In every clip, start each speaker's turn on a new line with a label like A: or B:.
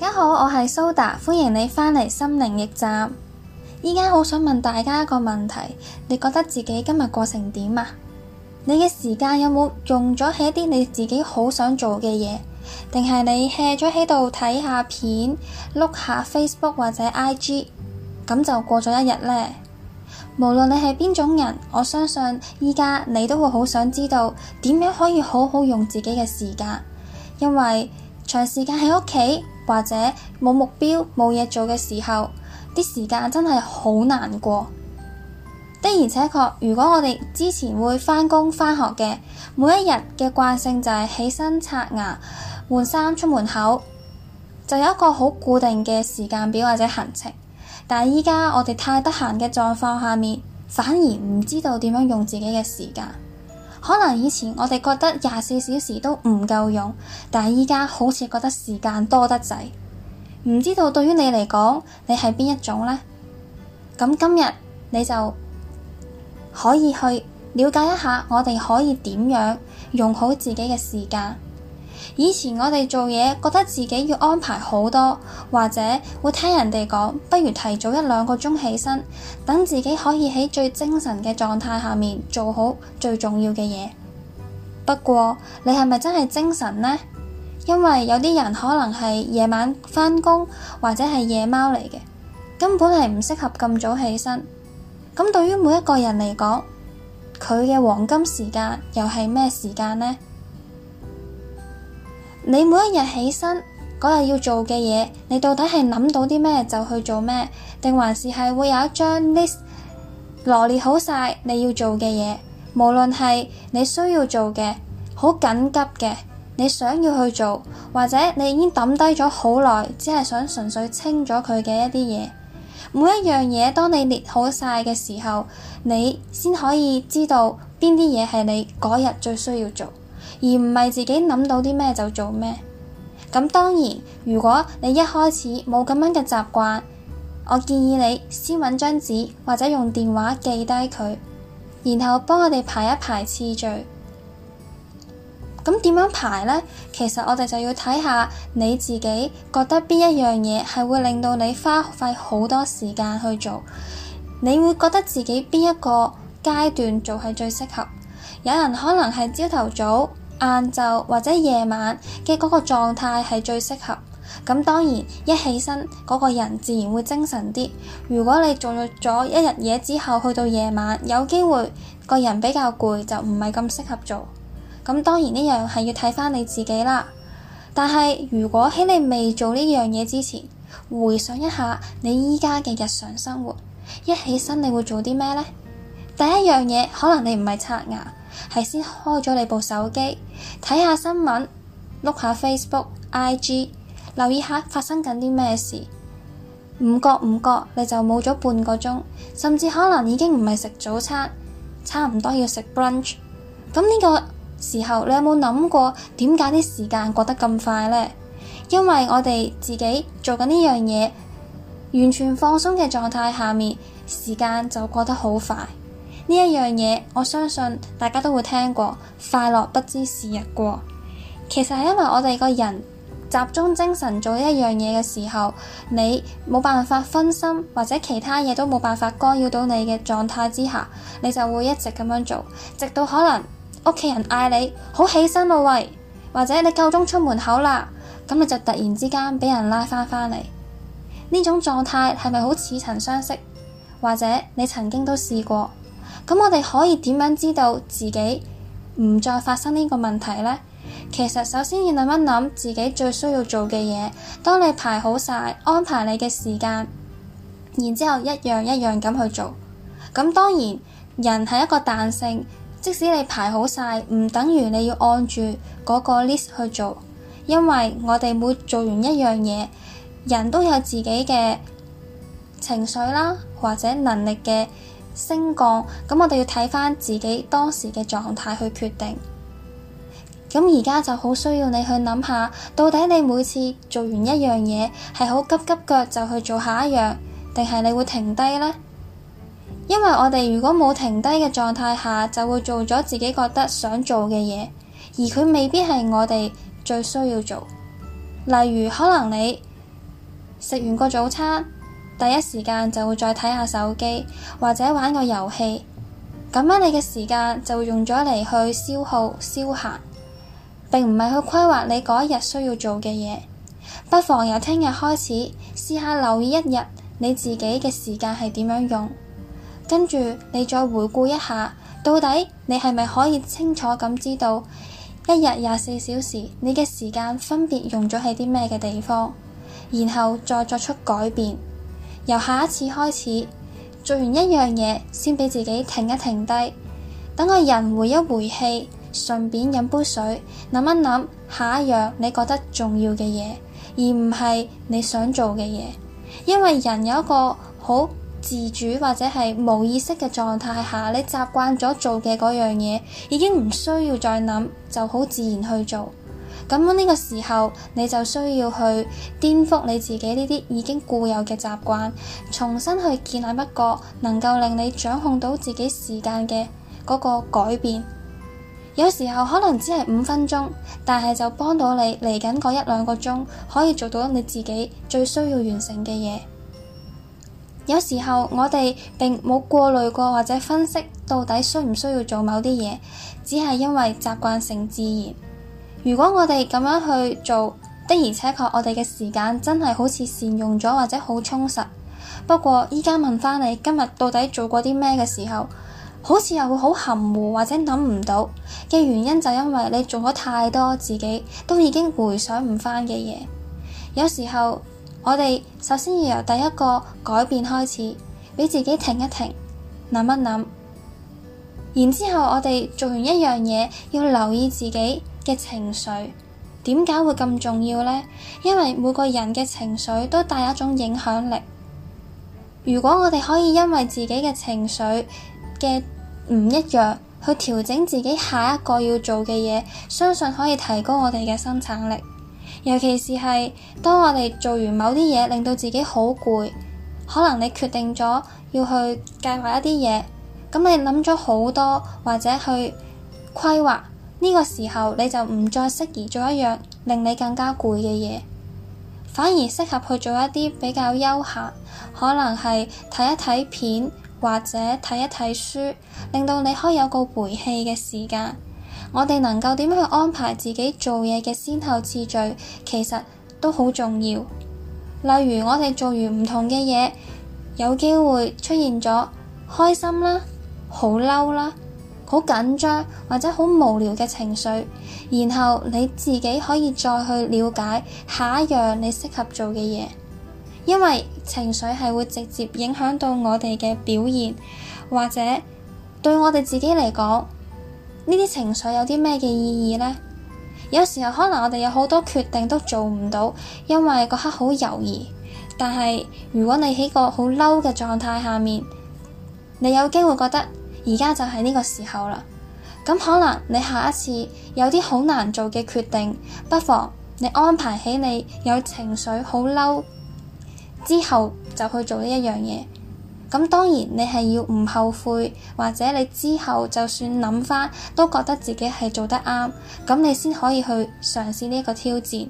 A: 大家好，我係蘇打，歡迎你返嚟心靈驛站。依家好想問大家一個問題：你覺得自己今日過成點啊？你嘅時間有冇用咗喺一啲你自己好想做嘅嘢，定係你 hea 咗喺度睇下片、碌下 Facebook 或者 IG，咁就過咗一日呢？無論你係邊種人，我相信依家你都會好想知道點樣可以好好用自己嘅時間，因為長時間喺屋企，或者冇目標冇嘢做嘅時候，啲時間真係好難過。的而且確，如果我哋之前會返工返學嘅，每一日嘅慣性就係起身刷牙換衫出門口，就有一個好固定嘅時間表或者行程。但係而家我哋太得閒嘅狀況下面，反而唔知道點樣用自己嘅時間。可能以前我哋覺得廿四小時都唔夠用，但係而家好似覺得時間多得滯，唔知道對於你嚟講，你係邊一種呢？咁今日你就可以去了解一下，我哋可以點樣用好自己嘅時間。以前我哋做嘢覺得自己要安排好多，或者會聽人哋講，不如提早一兩個鐘起身，等自己可以喺最精神嘅狀態下面做好最重要嘅嘢。不過你係咪真係精神呢？因為有啲人可能係夜晚返工，或者係夜貓嚟嘅，根本係唔適合咁早起身。咁對於每一個人嚟講，佢嘅黃金時間又係咩時間呢？你每一日起身嗰日要做嘅嘢，你到底係諗到啲咩就去做咩，定還是係會有一張 list 羅列好晒你要做嘅嘢？無論係你需要做嘅、好緊急嘅，你想要去做，或者你已經抌低咗好耐，只係想純粹清咗佢嘅一啲嘢。每一樣嘢，當你列好晒嘅時候，你先可以知道邊啲嘢係你嗰日最需要做。而唔係自己諗到啲咩就做咩，咁當然，如果你一開始冇咁樣嘅習慣，我建議你先揾張紙或者用電話記低佢，然後幫我哋排一排次序。咁點樣排呢？其實我哋就要睇下你自己覺得邊一樣嘢係會令到你花費好多時間去做，你會覺得自己邊一個階段做係最適合。有人可能係朝頭早。晏晝或者夜晚嘅嗰個狀態係最適合，咁當然一起身嗰個人自然會精神啲。如果你做咗一日嘢之後去到夜晚，有機會個人比較攰，就唔係咁適合做。咁當然呢樣係要睇翻你自己啦。但係如果喺你未做呢樣嘢之前，回想一下你依家嘅日常生活，一起身你會做啲咩呢？第一樣嘢可能你唔係刷牙。係先開咗你部手機，睇下新聞，碌下 Facebook、IG，留意下發生緊啲咩事。唔覺唔覺你就冇咗半個鐘，甚至可能已經唔係食早餐，差唔多要食 brunch。咁呢個時候，你有冇諗過點解啲時間過得咁快呢？因為我哋自己做緊呢樣嘢，完全放鬆嘅狀態下面，時間就過得好快。呢一樣嘢，我相信大家都會聽過。快樂不知時日過，其實係因為我哋個人集中精神做一樣嘢嘅時候，你冇辦法分心，或者其他嘢都冇辦法干擾到你嘅狀態之下，你就會一直咁樣做，直到可能屋企人嗌你好起身、啊，喇喂，或者你夠鐘出門口啦，咁你就突然之間畀人拉返返嚟。呢種狀態係咪好似曾相識，或者你曾經都試過？咁我哋可以點樣知道自己唔再發生呢個問題呢？其實首先要諗一諗自己最需要做嘅嘢，當你排好晒安排你嘅時間，然之後一樣一樣咁去做。咁當然人係一個彈性，即使你排好晒，唔等於你要按住嗰個 list 去做，因為我哋每做完一樣嘢，人都有自己嘅情緒啦，或者能力嘅。升降，咁我哋要睇返自己當時嘅狀態去決定。咁而家就好需要你去諗下，到底你每次做完一樣嘢，係好急急腳就去做下一樣，定係你會停低呢？因為我哋如果冇停低嘅狀態下，就會做咗自己覺得想做嘅嘢，而佢未必係我哋最需要做。例如，可能你食完個早餐。第一時間就會再睇下手機，或者玩個遊戲。咁樣你嘅時間就會用咗嚟去消耗消閒，並唔係去規劃你嗰一日需要做嘅嘢。不妨由聽日開始試下留意一日你自己嘅時間係點樣用，跟住你再回顧一下，到底你係咪可以清楚咁知道一日廿四小時你嘅時間分別用咗喺啲咩嘅地方，然後再作出改變。由下一次開始，做完一樣嘢，先畀自己停一停低，等個人回一回氣，順便飲杯水，諗一諗下一樣你覺得重要嘅嘢，而唔係你想做嘅嘢。因為人有一個好自主或者係冇意識嘅狀態下，你習慣咗做嘅嗰樣嘢，已經唔需要再諗，就好自然去做。咁呢個時候，你就需要去顛覆你自己呢啲已經固有嘅習慣，重新去建立一個能夠令你掌控到自己時間嘅嗰個改變。有時候可能只係五分鐘，但係就幫到你嚟緊嗰一兩個鐘可以做到你自己最需要完成嘅嘢。有時候我哋並冇過濾過或者分析到底需唔需要做某啲嘢，只係因為習慣成自然。如果我哋咁樣去做，的而且確，我哋嘅時間真係好似善用咗，或者好充實。不過而家問翻你今日到底做過啲咩嘅時候，好似又會好含糊，或者諗唔到嘅原因就因為你做咗太多自己都已經回想唔翻嘅嘢。有時候我哋首先要由第一個改變開始，畀自己停一停，諗一諗。然之後我哋做完一樣嘢，要留意自己。嘅情緒點解會咁重要呢？因為每個人嘅情緒都帶有一種影響力。如果我哋可以因為自己嘅情緒嘅唔一樣，去調整自己下一個要做嘅嘢，相信可以提高我哋嘅生產力。尤其是係當我哋做完某啲嘢，令到自己好攰，可能你決定咗要去計劃一啲嘢，咁你諗咗好多或者去規劃。呢個時候你就唔再適宜做一樣令你更加攰嘅嘢，反而適合去做一啲比較休閒，可能係睇一睇片或者睇一睇書，令到你可以有個回氣嘅時間。我哋能夠點樣去安排自己做嘢嘅先後次序，其實都好重要。例如我哋做完唔同嘅嘢，有機會出現咗開心啦，好嬲啦，好緊張或者好無聊嘅情緒，然後你自己可以再去了解下一樣你適合做嘅嘢，因為情緒係會直接影響到我哋嘅表現，或者對我哋自己嚟講，呢啲情緒有啲咩嘅意義呢？有時候可能我哋有好多決定都做唔到，因為嗰刻好猶豫。但係如果你喺個好嬲嘅狀態下面，你有機會覺得。而家就係呢個時候啦，咁可能你下一次有啲好難做嘅決定，不妨你安排起你有情緒好嬲之後就去做呢一樣嘢。咁當然你係要唔後悔，或者你之後就算諗翻都覺得自己係做得啱，咁你先可以去嘗試呢一個挑戰。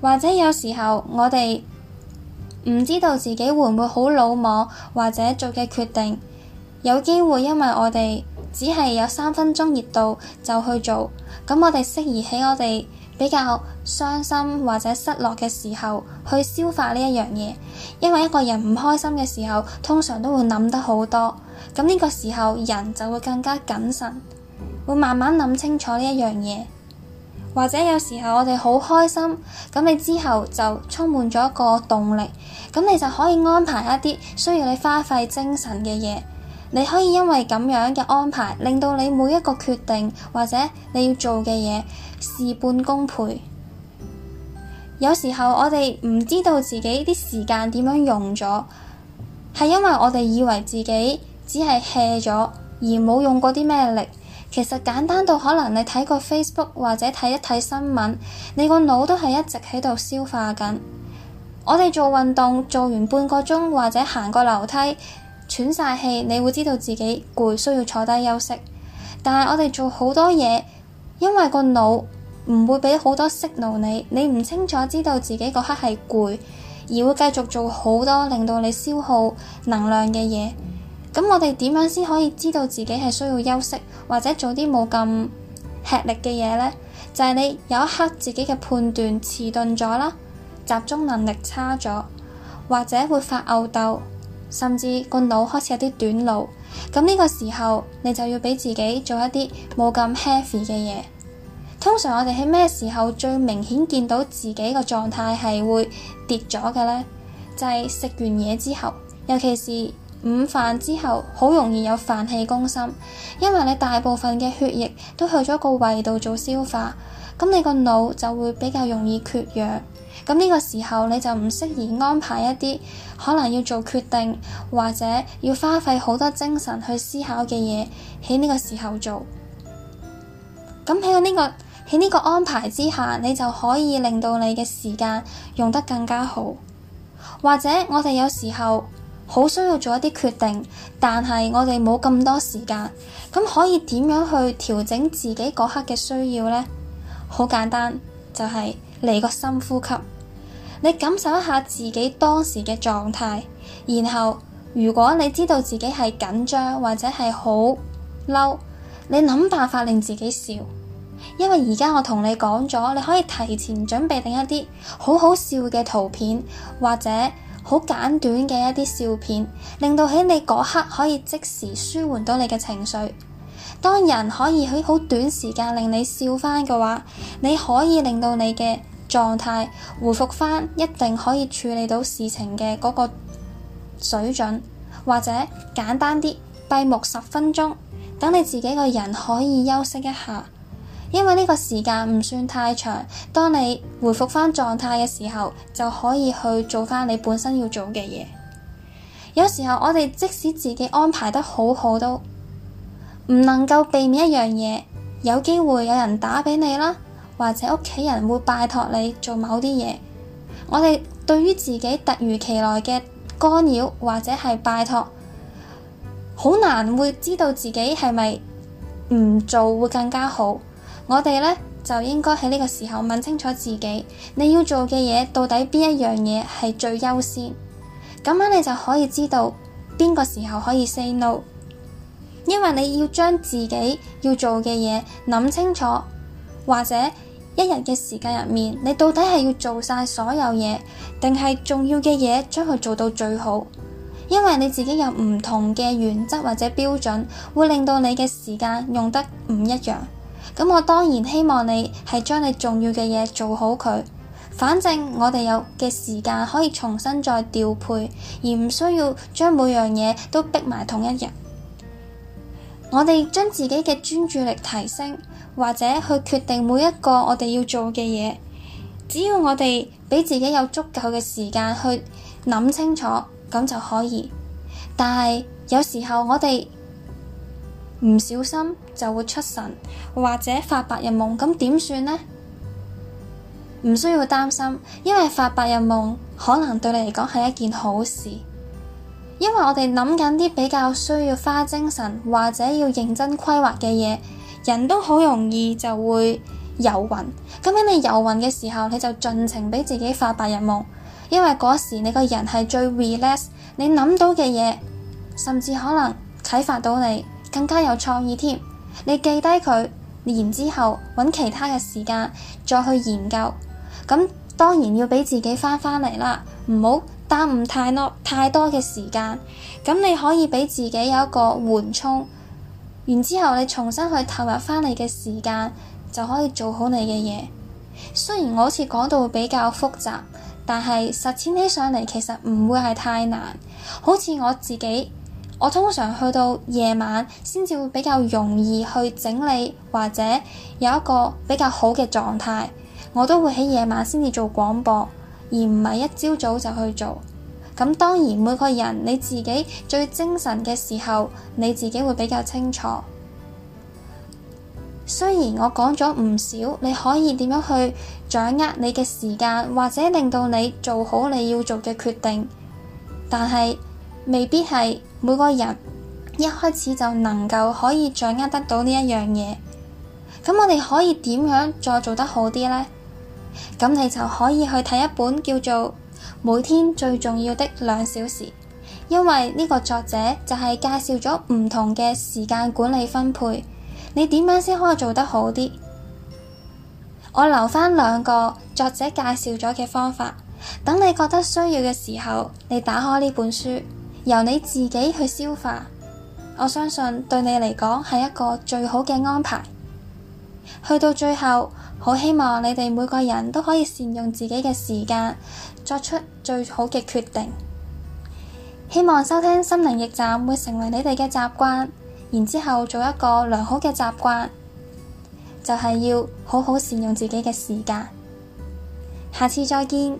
A: 或者有時候我哋唔知道自己會唔會好魯莽，或者做嘅決定。有機會，因為我哋只係有三分鐘熱度就去做，咁我哋適宜喺我哋比較傷心或者失落嘅時候去消化呢一樣嘢。因為一個人唔開心嘅時候，通常都會諗得好多，咁呢個時候人就會更加謹慎，會慢慢諗清楚呢一樣嘢。或者有時候我哋好開心，咁你之後就充滿咗一個動力，咁你就可以安排一啲需要你花費精神嘅嘢。你可以因為咁樣嘅安排，令到你每一個決定或者你要做嘅嘢事半功倍。有時候我哋唔知道自己啲時間點樣用咗，係因為我哋以為自己只係 hea 咗，而冇用過啲咩力。其實簡單到可能你睇個 Facebook 或者睇一睇新聞，你個腦都係一直喺度消化緊。我哋做運動做完半個鐘或者行個樓梯，喘晒氣，你會知道自己攰，需要坐低休息。但係我哋做好多嘢，因為個腦唔會俾好多訊息。你，你唔清楚知道自己嗰刻係攰，而會繼續做好多令到你消耗能量嘅嘢。咁我哋點樣先可以知道自己係需要休息，或者做啲冇咁吃力嘅嘢呢？就係你有一刻自己嘅判斷遲鈍咗啦，集中能力差咗，或者會發吽斗。甚至個腦開始有啲短路，咁呢個時候你就要畀自己做一啲冇咁 heavy 嘅嘢。通常我哋喺咩時候最明顯見到自己個狀態係會跌咗嘅呢？就係、是、食完嘢之後，尤其是午飯之後，好容易有飯氣攻心，因為你大部分嘅血液都去咗個胃度做消化，咁你個腦就會比較容易缺氧。咁呢個時候你就唔適宜安排一啲可能要做決定或者要花費好多精神去思考嘅嘢，喺呢個時候做。咁喺呢個，喺呢個安排之下，你就可以令到你嘅時間用得更加好。或者我哋有時候好需要做一啲決定，但係我哋冇咁多時間，咁可以點樣去調整自己嗰刻嘅需要呢？好簡單，就係嚟個深呼吸。你感受一下自己當時嘅狀態，然後如果你知道自己係緊張或者係好嬲，你諗辦法令自己笑。因為而家我同你講咗，你可以提前準備定一啲好好笑嘅圖片，或者好簡短嘅一啲笑片，令到喺你嗰刻可以即時舒緩到你嘅情緒。當人可以喺好短時間令你笑返嘅話，你可以令到你嘅狀態回復翻，一定可以處理到事情嘅嗰個水準，或者簡單啲閉目十分鐘，等你自己個人可以休息一下。因為呢個時間唔算太長，當你回復翻狀態嘅時候，就可以去做翻你本身要做嘅嘢。有時候我哋即使自己安排得好好，都唔能夠避免一樣嘢，有機會有人打畀你啦。或者屋企人會拜託你做某啲嘢。我哋對於自己突如其來嘅干擾或者係拜託，好難會知道自己係咪唔做會更加好。我哋咧就應該喺呢個時候問清楚自己，你要做嘅嘢到底邊一樣嘢係最優先，咁樣你就可以知道邊個時候可以 say no，因為你要將自己要做嘅嘢諗清楚。或者一日嘅時間入面，你到底係要做晒所有嘢，定係重要嘅嘢將佢做到最好？因為你自己有唔同嘅原則或者標準，會令到你嘅時間用得唔一樣。咁我當然希望你係將你重要嘅嘢做好佢。反正我哋有嘅時間可以重新再調配，而唔需要將每樣嘢都逼埋同一日。我哋將自己嘅專注力提升。或者去決定每一個我哋要做嘅嘢，只要我哋畀自己有足夠嘅時間去諗清楚，咁就可以。但係有時候我哋唔小心就會出神，或者發白日夢，咁點算呢？唔需要擔心，因為發白日夢可能對你嚟講係一件好事，因為我哋諗緊啲比較需要花精神或者要認真規劃嘅嘢。人都好容易就會遊魂，咁喺你遊魂嘅時候，你就盡情畀自己發白日夢，因為嗰時你個人係最 relax，你諗到嘅嘢甚至可能啟發到你更加有創意添。你記低佢，然之後揾其他嘅時間再去研究。咁當然要畀自己翻翻嚟啦，唔好耽誤太多太多嘅時間。咁你可以畀自己有一個緩衝。然之後，你重新去投入翻你嘅時間，就可以做好你嘅嘢。雖然我好似講到比較複雜，但係實踐起上嚟其實唔會係太難。好似我自己，我通常去到夜晚先至會比較容易去整理，或者有一個比較好嘅狀態。我都會喺夜晚先至做廣播，而唔係一朝早就去做。咁當然，每個人你自己最精神嘅時候，你自己會比較清楚。雖然我講咗唔少，你可以點樣去掌握你嘅時間，或者令到你做好你要做嘅決定，但係未必係每個人一開始就能夠可以掌握得到呢一樣嘢。咁我哋可以點樣再做得好啲呢？咁你就可以去睇一本叫做每天最重要的兩小時，因為呢個作者就係介紹咗唔同嘅時間管理分配，你點樣先可以做得好啲？我留翻兩個作者介紹咗嘅方法，等你覺得需要嘅時候，你打開呢本書，由你自己去消化。我相信對你嚟講係一個最好嘅安排。去到最後。好希望你哋每個人都可以善用自己嘅時間，作出最好嘅決定。希望收聽心靈驛站會成為你哋嘅習慣，然之後做一個良好嘅習慣，就係要好好善用自己嘅時間。下次再見。